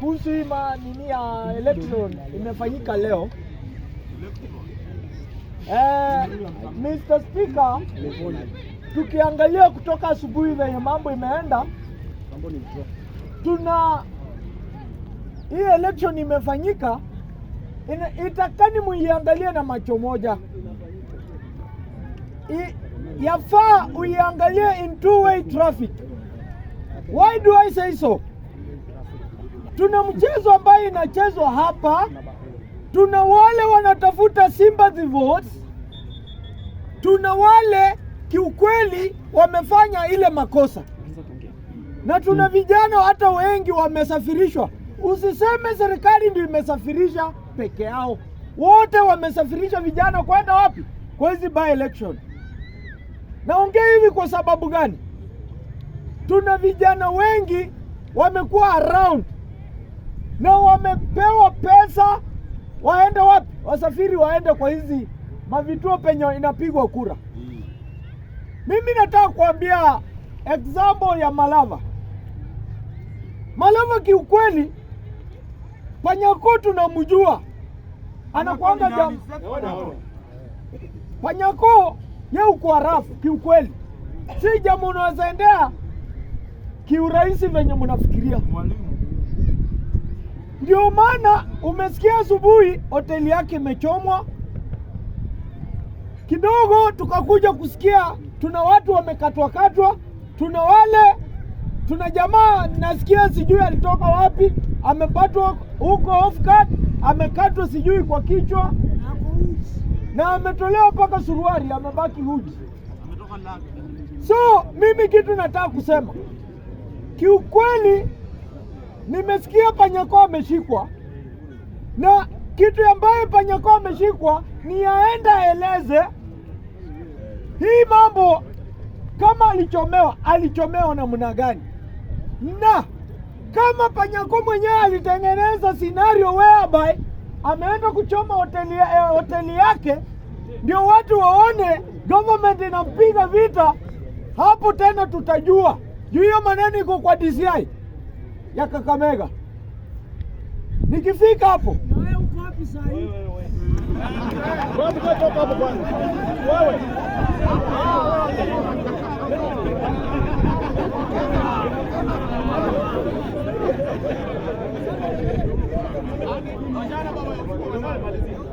kuhusu hii nini ya election imefanyika leo. Eh, Mr. Speaker, tukiangalia kutoka asubuhi venye mambo imeenda, tuna hii election imefanyika, itakani muiangalie na macho moja. Yafaa uiangalie in two way traffic. Why do I say so? Tuna mchezo ambayo inachezwa hapa, tuna wale wanatafuta sympathy votes, tuna wale kiukweli wamefanya ile makosa, na tuna hmm. vijana hata wengi wamesafirishwa. Usiseme serikali ndio imesafirisha peke yao, wote wamesafirisha vijana kwenda wapi? Kwa hizi by election. Naongea hivi kwa sababu gani? Tuna vijana wengi wamekuwa around na wamepewa pesa waende wapi? Wasafiri waende kwa hizi mavituo penye inapigwa kura. Mimi nataka kuambia example ya Malava. Malava kiukweli, Panyako tunamjua anakwanga jam... Panyako ye ukuwa rafu kiukweli, si jamu unawezaendea kiurahisi venye mnafikiria mwalimu. Ndio maana umesikia asubuhi hoteli yake imechomwa kidogo, tukakuja kusikia tuna watu wamekatwakatwa, tuna wale, tuna jamaa nasikia sijui alitoka wapi, amepatwa huko off guard, amekatwa sijui kwa kichwa na ametolewa mpaka suruali, amebaki uji. So mimi kitu nataka kusema kiukweli Nimesikia Panyako ameshikwa na kitu ambayo Panyako ameshikwa ni aenda eleze hii mambo, kama alichomewa, alichomewa namna gani, na kama Panyako mwenyewe alitengeneza scenario whereby ameenda kuchoma hoteli, eh, hoteli yake ndio watu waone government inampiga vita. Hapo tena tutajua juu hiyo maneno iko kwa DCI ya Kakamega. Nikifika hapo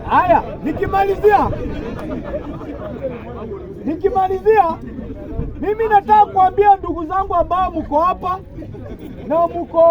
haya, nikimalizia nikimalizia, mimi nataka kuambia ndugu zangu ambao mko hapa Não, Mucó!